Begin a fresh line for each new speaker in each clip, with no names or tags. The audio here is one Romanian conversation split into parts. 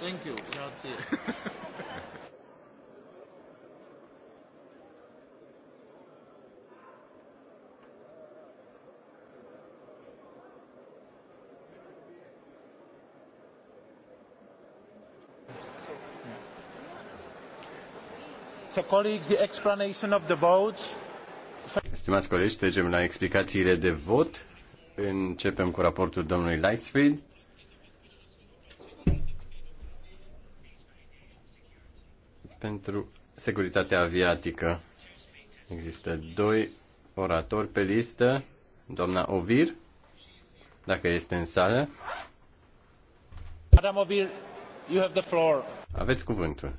Thank you. Grazie.
So, colleagues, the explanation of the votes.
Stimați colegi, trecem la explicațiile de vot. Începem cu raportul domnului Lightsfield. pentru securitatea aviatică. Există doi oratori pe listă. Doamna Ovir, dacă este în sală. Madame Ovir, you have the floor. Aveți cuvântul.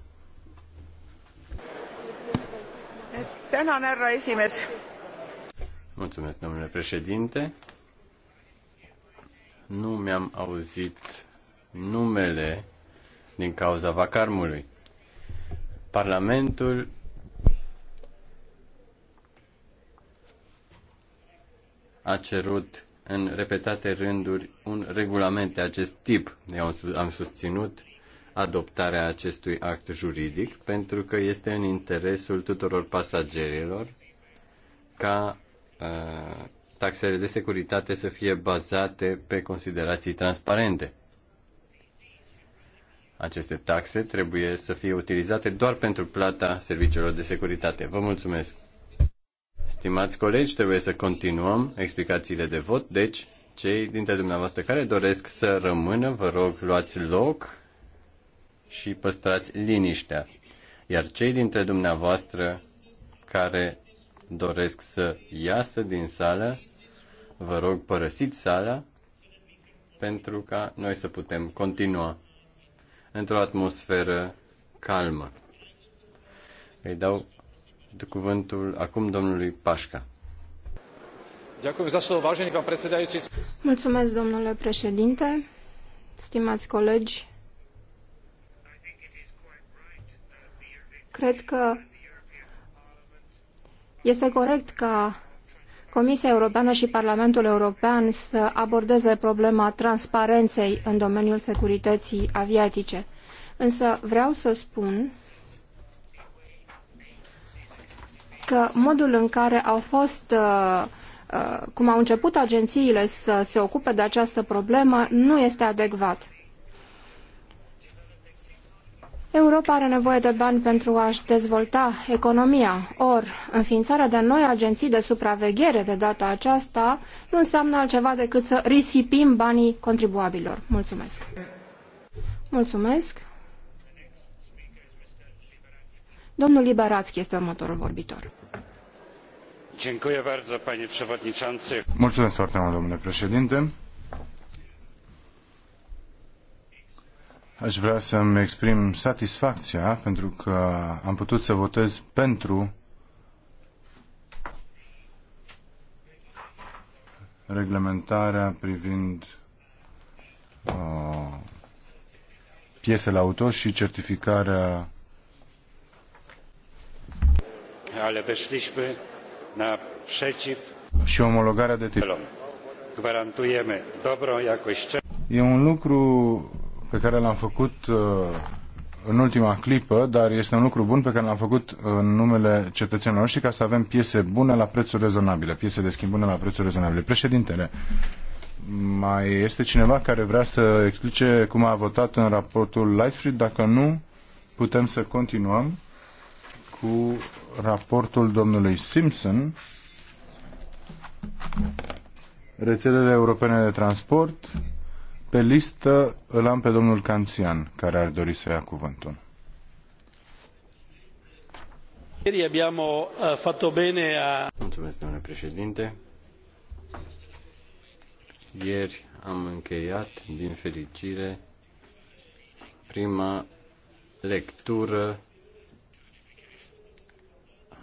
Tänan, härra
Mulțumesc, domnule președinte. Nu mi-am auzit numele din cauza vacarmului. Parlamentul a cerut în repetate rânduri un regulament de acest tip. Eu am susținut adoptarea acestui act juridic pentru că este în interesul tuturor pasagerilor ca uh, taxele de securitate să fie bazate pe considerații transparente. Aceste taxe trebuie să fie utilizate doar pentru plata serviciilor de securitate. Vă mulțumesc! Stimați colegi, trebuie să continuăm explicațiile de vot, deci cei dintre dumneavoastră care doresc să rămână, vă rog, luați loc și păstrați liniștea. Iar cei dintre dumneavoastră care doresc să iasă din sală, vă rog, părăsiți sala pentru ca noi să putem continua într-o atmosferă calmă. Îi dau de cuvântul acum domnului Pașca.
Mulțumesc, domnule președinte, stimați colegi. Cred că este corect ca Comisia Europeană și Parlamentul European să abordeze problema transparenței în domeniul securității aviatice. Însă vreau să spun că modul în care au fost uh, uh, cum au început agențiile să se ocupe de această problemă nu este adecvat. Europa are nevoie de bani pentru a-și dezvolta economia, or, înființarea de noi agenții de supraveghere de data aceasta nu înseamnă altceva decât să risipim banii contribuabilor. Mulțumesc! Mulțumesc! Domnul Liberațchi este următorul vorbitor.
Mulțumesc foarte mult, domnule președinte. Aș vrea să-mi exprim satisfacția pentru că am putut să votez pentru reglementarea privind uh, piesele auto și certificarea ale weszliśmy naprzeciw și omologarea de tip. Gwarantujemy dobrą jakość. E un lucru pe care l-am făcut uh, în ultima clipă, dar este un lucru bun pe care l-am făcut în numele cetățenilor noștri ca să avem piese bune la prețuri rezonabile, piese de schimb bune la prețuri rezonabile. Președintele, mai este cineva care vrea să explice cum a votat în raportul Lightfried? Dacă nu, putem să continuăm cu raportul domnului Simpson. Rețelele europene de transport, pe listă îl am pe domnul Canțian, care ar dori să ia cuvântul.
Eh, a. Mulțumesc, domnule președinte. Ieri am încheiat, din fericire, prima lectură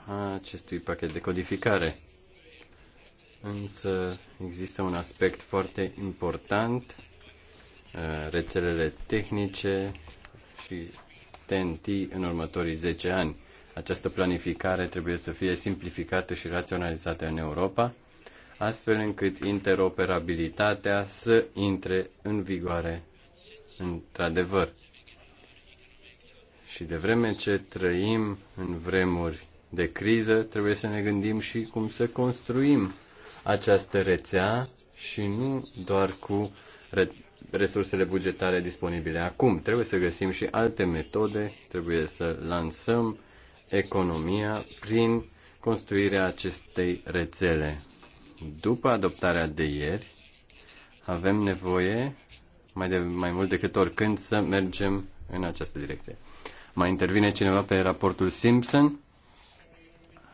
a acestui pachet de codificare. Însă există un aspect foarte important Uh, rețelele tehnice și TNT în următorii 10 ani. Această planificare trebuie să fie simplificată și raționalizată în Europa, astfel încât interoperabilitatea să intre în vigoare într-adevăr. Și de vreme ce trăim în vremuri de criză, trebuie să ne gândim și cum să construim această rețea și nu doar cu resursele bugetare disponibile acum. Trebuie să găsim și alte metode, trebuie să lansăm economia prin construirea acestei rețele. După adoptarea de ieri, avem nevoie mai, de, mai mult decât oricând să mergem în această direcție. Mai intervine cineva pe raportul Simpson?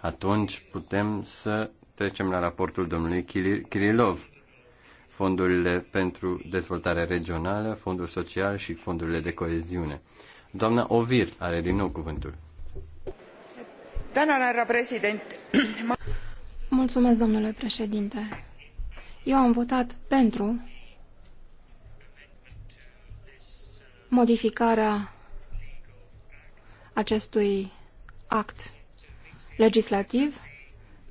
Atunci putem să trecem la raportul domnului Kirilov fondurile pentru dezvoltare regională, fondul social și fondurile de coeziune. Doamna Ovir are din nou cuvântul.
Mulțumesc, domnule președinte. Eu am votat pentru modificarea acestui act legislativ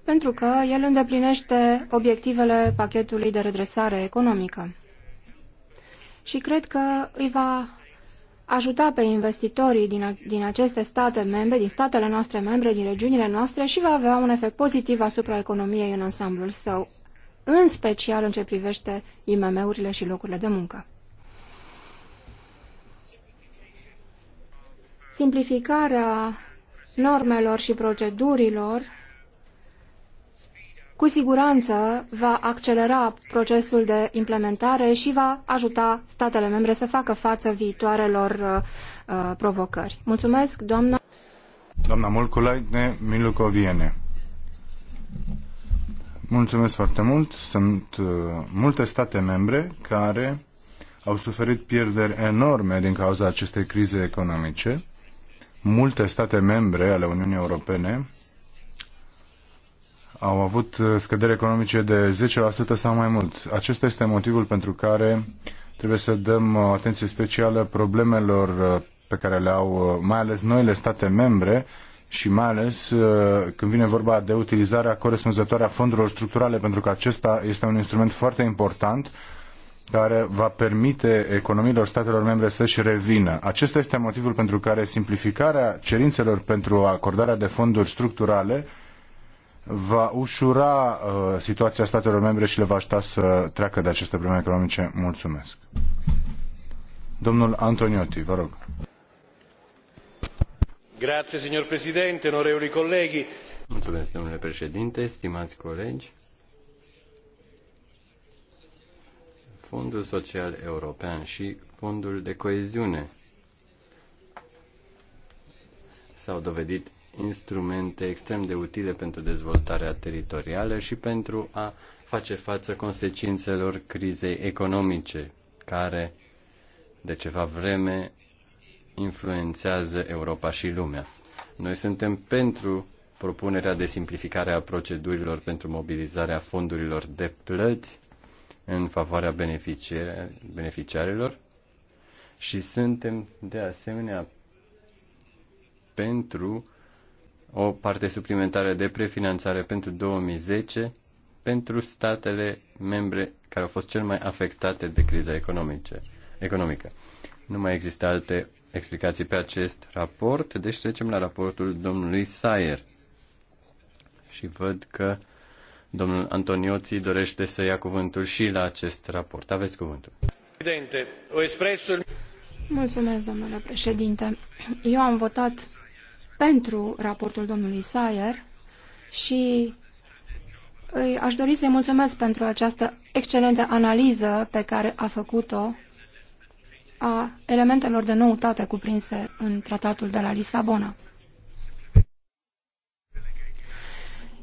pentru că el îndeplinește obiectivele pachetului de redresare economică. Și cred că îi va ajuta pe investitorii din, din aceste state membre, din statele noastre membre, din regiunile noastre și va avea un efect pozitiv asupra economiei în ansamblul său, în special în ce privește IMM-urile și locurile de muncă. Simplificarea normelor și procedurilor cu siguranță va accelera procesul de implementare și va ajuta statele membre să facă față viitoarelor uh, uh provocări. Mulțumesc, doamna.
Doamna Molculaitne Milucoviene. Mulțumesc foarte mult. Sunt uh, multe state membre care au suferit pierderi enorme din cauza acestei crize economice. Multe state membre ale Uniunii Europene au avut uh, scăderi economice de 10% sau mai mult. Acesta este motivul pentru care trebuie să dăm uh, atenție specială problemelor uh, pe care le au mai ales noile state membre și mai ales când vine vorba de utilizarea corespunzătoare a fondurilor structurale, pentru că acesta este un instrument foarte important care va permite economiilor statelor membre să-și revină. Acesta este motivul pentru care simplificarea cerințelor pentru acordarea de fonduri structurale va ușura uh, situația statelor membre și le va ajuta să treacă de aceste probleme economice. Mulțumesc. Domnul Antoniotti, vă rog. Grazie, signor Presidente, onorevoli colleghi.
Mulțumesc, domnule președinte, stimați colegi. Fondul Social European și Fondul de Coeziune s-au dovedit instrumente extrem de utile pentru dezvoltarea teritorială și pentru a face față consecințelor crizei economice, care de ceva vreme influențează Europa și lumea. Noi suntem pentru propunerea de simplificare a procedurilor pentru mobilizarea fondurilor de plăți în favoarea beneficiarilor și suntem de asemenea pentru o parte suplimentară de prefinanțare pentru 2010 pentru statele membre care au fost cel mai afectate de criza economice, economică. Nu mai există alte explicații pe acest raport, deci trecem la raportul domnului Sayer. Și văd că domnul Antonioții dorește să ia cuvântul și la acest raport. Aveți cuvântul.
Mulțumesc, domnule președinte. Eu am votat pentru raportul domnului Sayer și îi aș dori să-i mulțumesc pentru această excelentă analiză pe care a făcut-o a elementelor de noutate cuprinse în tratatul de la Lisabona.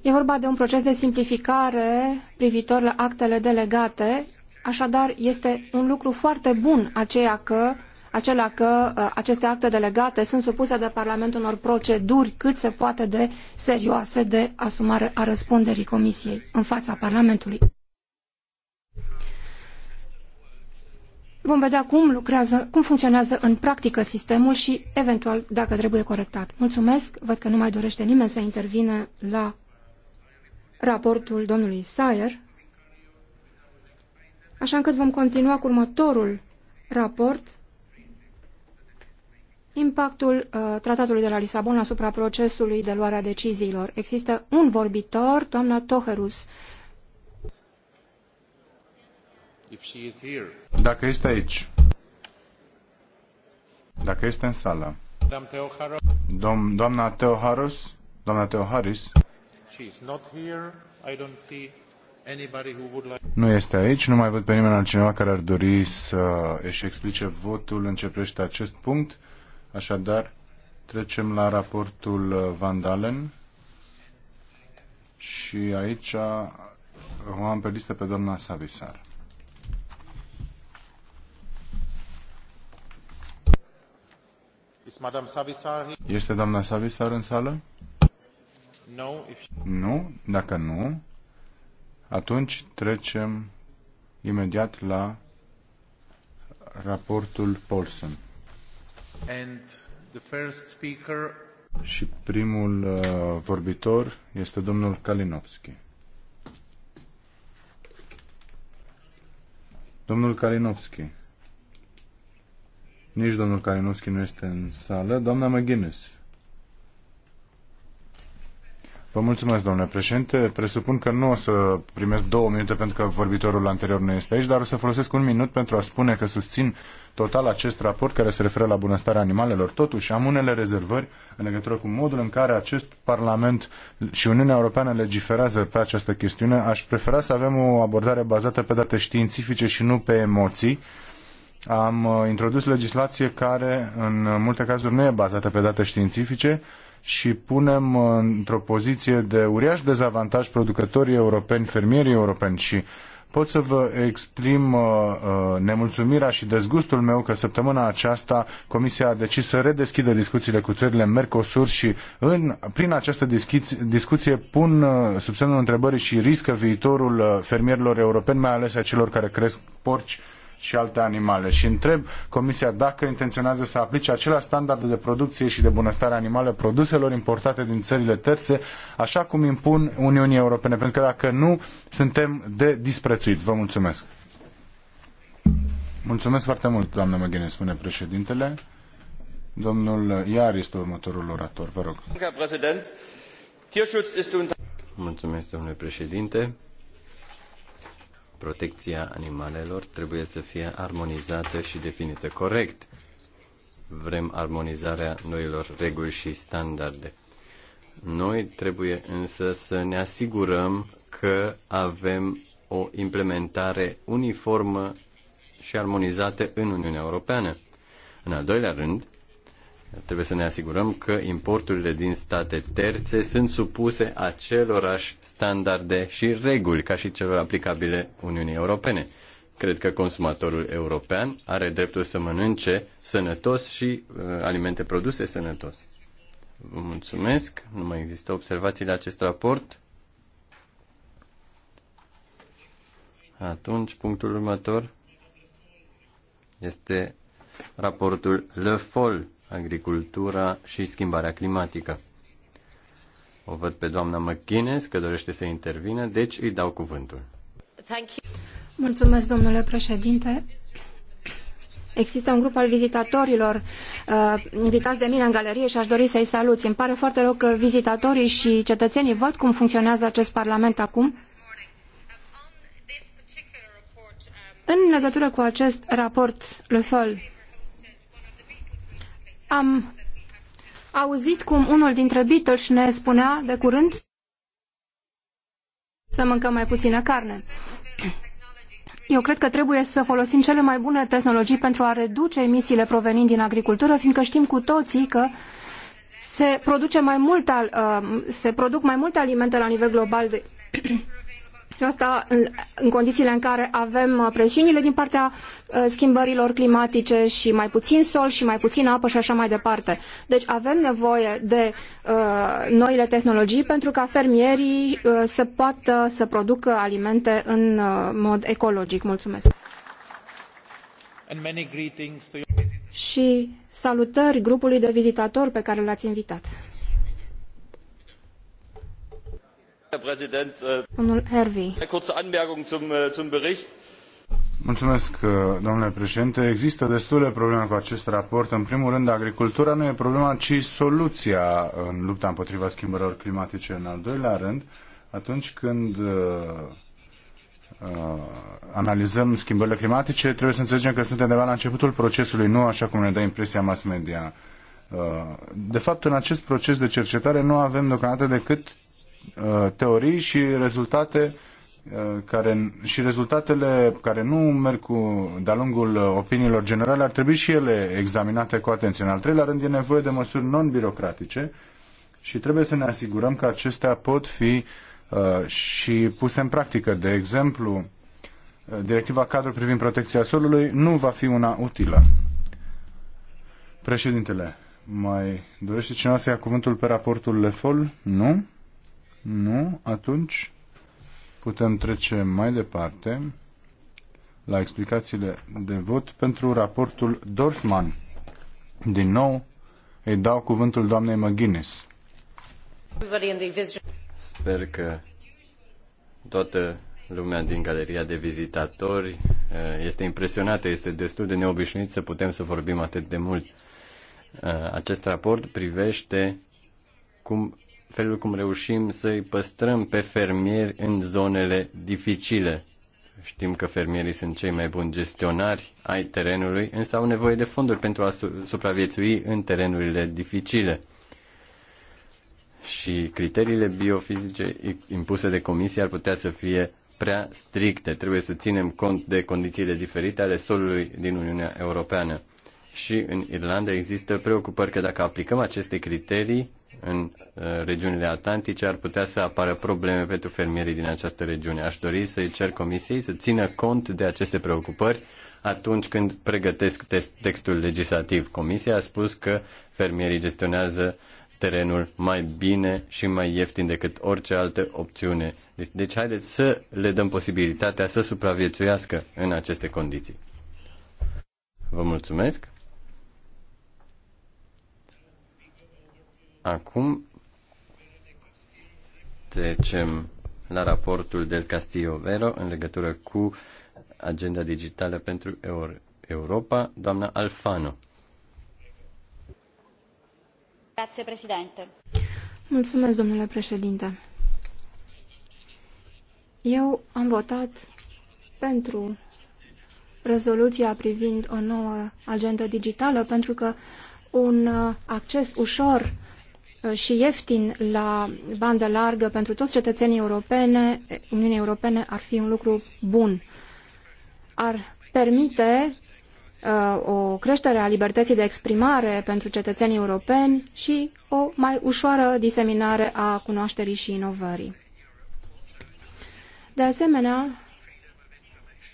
E vorba de un proces de simplificare privitor la actele delegate, așadar este un lucru foarte bun aceea că acela că uh, aceste acte delegate sunt supuse de Parlament unor proceduri cât se poate de serioase de asumare a răspunderii Comisiei în fața Parlamentului. Vom vedea cum lucrează, cum funcționează în practică sistemul și, eventual, dacă trebuie corectat. Mulțumesc, văd că nu mai dorește nimeni să intervine la raportul domnului Sayer, așa încât vom continua cu următorul raport, Impactul uh, tratatului de la Lisabona asupra procesului de luare a deciziilor. Există un vorbitor, doamna Toherus.
Dacă este aici. Dacă este în sală. Dom doamna Teoharus? Doamna Teoharis? Nu este aici, nu mai văd pe nimeni altcineva care ar dori să își explice votul în ce acest punct. Așadar, trecem la raportul uh, Vandalen și aici uh, o am pe listă pe doamna Savisar. Este doamna Savisar în sală? Nu. Dacă nu, atunci trecem imediat la raportul Paulson. Și primul uh, vorbitor este domnul Kalinowski. Domnul Kalinowski. Nici domnul Kalinowski nu este în sală. Doamna McGuinness. Vă mulțumesc, domnule președinte. Presupun că nu o să primesc două minute pentru că vorbitorul anterior nu este aici, dar o să folosesc un minut pentru a spune că susțin total acest raport care se referă la bunăstarea animalelor. Totuși, am unele rezervări în legătură cu modul în care acest Parlament și Uniunea Europeană legiferează pe această chestiune. Aș prefera să avem o abordare bazată pe date științifice și nu pe emoții. Am uh, introdus legislație care, în multe cazuri, nu e bazată pe date științifice, și punem într-o poziție de uriaș dezavantaj producătorii europeni, fermierii europeni și pot să vă exprim uh, uh, nemulțumirea și dezgustul meu că săptămâna aceasta Comisia a decis să redeschidă discuțiile cu țările Mercosur și în, prin această discuție, discuție pun uh, sub semnul întrebării și riscă viitorul uh, fermierilor europeni, mai ales a celor care cresc porci și alte animale și întreb Comisia dacă intenționează să aplice aceleași standarde de producție și de bunăstare animală produselor importate din țările terțe, așa cum impun Uniunii Europene, pentru că dacă nu, suntem de disprețuit. Vă mulțumesc. Mulțumesc foarte mult, doamnă Măghene, spune președintele.
Domnul Iar este următorul orator, vă rog. Mulțumesc, domnule președinte. Protecția animalelor trebuie să fie armonizată și definită corect. Vrem armonizarea noilor reguli și standarde. Noi trebuie însă să ne asigurăm că avem o implementare uniformă și armonizată în Uniunea Europeană. În al doilea rând, Trebuie să ne asigurăm că importurile din state terțe sunt supuse acelorași standarde și reguli ca și celor aplicabile Uniunii Europene. Cred că consumatorul european are dreptul să mănânce sănătos și uh, alimente produse sănătos. Vă mulțumesc. Nu mai există observații la acest raport. Atunci, punctul următor este raportul Le Foll agricultura și schimbarea climatică. O văd pe doamna McGuinness că dorește să intervină, deci îi dau cuvântul.
Mulțumesc, domnule președinte. Există un grup al vizitatorilor uh, invitați de mine în galerie și aș dori să-i salut. Îmi pare foarte rău că vizitatorii și cetățenii văd cum funcționează acest parlament acum. În legătură cu acest raport, Le Foll, am auzit cum unul dintre Beatles ne spunea de curând să mâncăm mai puțină carne. Eu cred că trebuie să folosim cele mai bune tehnologii pentru a reduce emisiile provenind din agricultură, fiindcă știm cu toții că se, produce mai mult uh, se produc mai multe alimente la nivel global de, și asta în, în condițiile în care avem uh, presiunile din partea uh, schimbărilor climatice și mai puțin sol și mai puțin apă și așa mai departe. Deci avem nevoie de uh, noile tehnologii pentru ca fermierii uh, să poată să producă alimente în uh, mod ecologic. Mulțumesc! Și salutări grupului de vizitatori pe care l-ați invitat.
Herr Präsident,
äh, eine kurze Anmerkung zum, äh, Bericht.
Mulțumesc, uh, domnule președinte. Există destule probleme cu acest raport. În primul rând, agricultura nu e problema, ci soluția în lupta împotriva schimbărilor climatice. În al doilea rând, atunci când uh, uh, analizăm schimbările climatice, trebuie să înțelegem că suntem undeva la începutul procesului, nu așa cum ne dă impresia mass media. De fapt, în acest proces de cercetare nu avem deocamdată decât Uh, teorii și rezultate uh, care, și rezultatele care nu merg cu de-a lungul uh, opiniilor generale ar trebui și ele examinate cu atenție. În al treilea rând, e nevoie de măsuri non-birocratice și trebuie să ne asigurăm că acestea pot fi uh, și puse în practică. De exemplu, directiva cadru privind protecția solului nu va fi una utilă. Președintele, mai dorește cineva să ia cuvântul pe raportul Lefol? Nu? Nu? Atunci putem trece mai departe la explicațiile de vot pentru raportul Dorfman. Din nou, îi dau cuvântul doamnei McGuinness.
Sper că toată lumea din galeria de vizitatori eh, este impresionată, este destul de neobișnuit să putem să vorbim atât de mult. Eh, acest raport privește cum felul cum reușim să îi păstrăm pe fermieri în zonele dificile. Știm că fermierii sunt cei mai buni gestionari ai terenului, însă au nevoie de fonduri pentru a supraviețui în terenurile dificile. Și criteriile biofizice impuse de comisie ar putea să fie prea stricte. Trebuie să ținem cont de condițiile diferite ale solului din Uniunea Europeană. Și în Irlanda există preocupări că dacă aplicăm aceste criterii, în uh, regiunile atlantice, ar putea să apară probleme pentru fermierii din această regiune. Aș dori să-i cer comisiei să țină cont de aceste preocupări atunci când pregătesc textul legislativ. Comisia a spus că fermierii gestionează terenul mai bine și mai ieftin decât orice altă opțiune. Deci, deci haideți să le dăm posibilitatea să supraviețuiască în aceste condiții. Vă mulțumesc! Acum trecem la raportul del Castillo Vero în legătură cu agenda digitală pentru Europa, doamna Alfano. Grazie, președinte.
Mulțumesc, domnule președinte. Eu am votat pentru rezoluția privind o nouă agendă digitală pentru că un uh, acces ușor Uh, și ieftin la bandă largă pentru toți cetățenii europene, Uniunii Europene ar fi un lucru bun. Ar permite uh, o creștere a libertății de exprimare pentru cetățenii europeni și o mai ușoară diseminare a cunoașterii și inovării. De asemenea,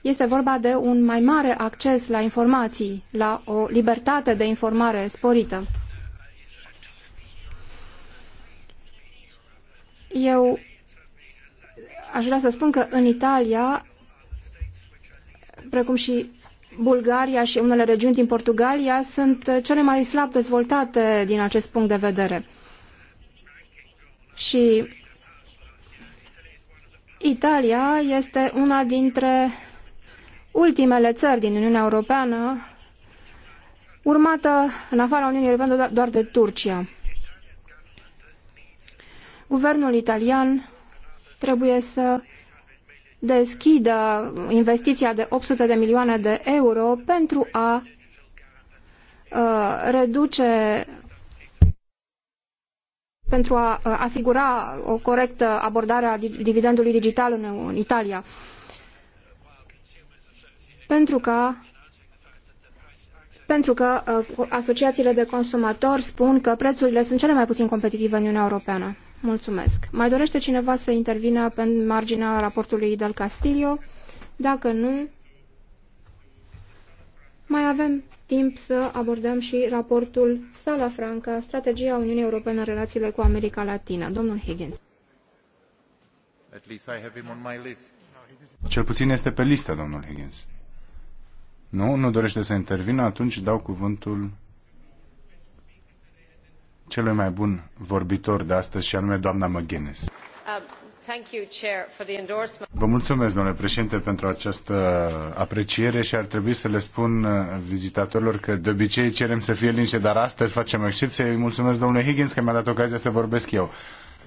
este vorba de un mai mare acces la informații, la o libertate de informare sporită. Eu aș vrea să spun că în Italia, precum și Bulgaria și unele regiuni din Portugalia sunt cele mai slab dezvoltate din acest punct de vedere. Și Italia este una dintre ultimele țări din Uniunea Europeană, urmată în afara Uniunii Europene doar de Turcia. Guvernul italian trebuie să deschidă investiția de 800 de milioane de euro pentru a uh, reduce pentru a uh, asigura o corectă abordare a dividendului digital în, în Italia. Pentru că pentru că uh, asociațiile de consumatori spun că prețurile sunt cele mai puțin competitive în Uniunea Europeană. Mulțumesc. Mai dorește cineva să intervină pe marginea raportului del Castillo? Dacă nu, mai avem timp să abordăm și raportul Sala Franca, strategia Uniunii Europene în relațiile cu America Latină. Domnul Higgins.
Cel puțin este pe listă, domnul Higgins. Nu? Nu dorește să intervină? Atunci dau cuvântul celui mai bun vorbitor de astăzi și anume doamna McGuinness. Um, Vă mulțumesc, domnule președinte, pentru această apreciere și ar trebui să le spun uh, vizitatorilor că de obicei cerem să fie liniște, dar astăzi facem o excepție. Îi mulțumesc domnule Higgins că mi-a dat ocazia să vorbesc eu.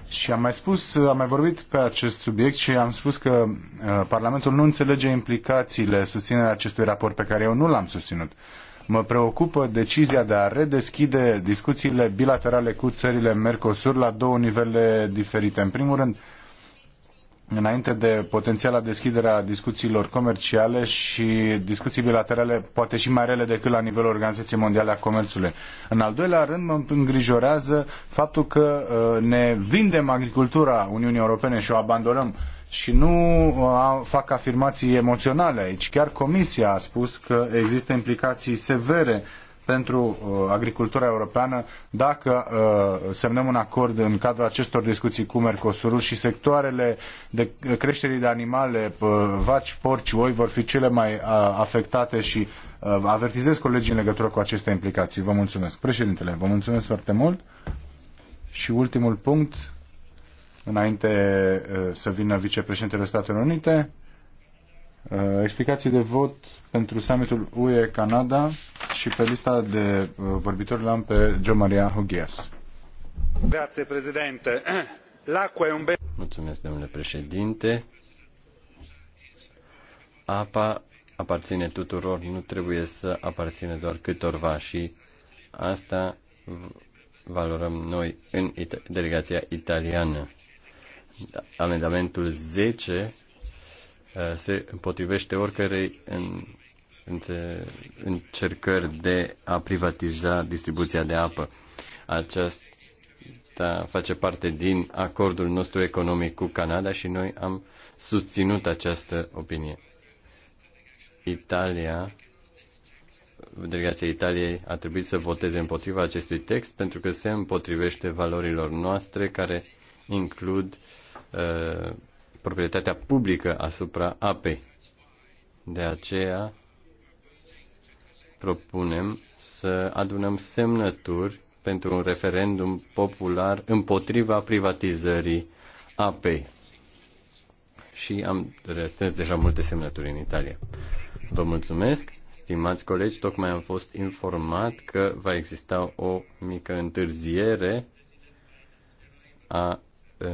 Și am mai spus, uh, am mai vorbit pe acest subiect și am spus că uh, Parlamentul nu înțelege implicațiile susținerea acestui raport pe care eu nu l-am susținut. Mă preocupă decizia de a redeschide discuțiile bilaterale cu țările Mercosur la două nivele diferite. În primul rând, înainte de potențiala deschidere a discuțiilor comerciale și discuții bilaterale, poate și mai rele decât la nivelul Organizației Mondiale a Comerțului. În al doilea rând, mă îngrijorează faptul că uh, ne vindem agricultura Uniunii Europene și o abandonăm și nu uh, fac afirmații emoționale aici. Chiar Comisia a spus că există implicații severe pentru uh, agricultura europeană dacă uh, semnăm un acord în cadrul acestor discuții cu Mercosurul și sectoarele de creșterii de animale, vaci, porci, oi vor fi cele mai afectate și avertizez colegii în legătură cu aceste implicații. Vă mulțumesc. Președintele, vă mulțumesc foarte mult. Și ultimul punct, înainte uh, să vină vicepreședintele Statelor Unite. Uh, explicații de vot pentru summitul UE-Canada și pe lista de uh, vorbitori l-am pe Joe Maria Hughes. Grazie, președinte. L'acqua e un bel...
Mulțumesc, domnule președinte. Apa aparține tuturor, nu trebuie să aparține doar câtorva și asta valorăm noi în it- delegația italiană amendamentul 10 uh, se împotrivește oricărei în, încercări de a privatiza distribuția de apă. Aceasta face parte din acordul nostru economic cu Canada și noi am susținut această opinie. Italia, delegația Italiei a trebuit să voteze împotriva acestui text pentru că se împotrivește valorilor noastre care includ uh, Uh, proprietatea publică asupra apei. De aceea propunem să adunăm semnături pentru un referendum popular împotriva privatizării apei. Și am restrâns deja multe semnături în Italia. Vă mulțumesc, stimați colegi, tocmai am fost informat că va exista o mică întârziere a uh,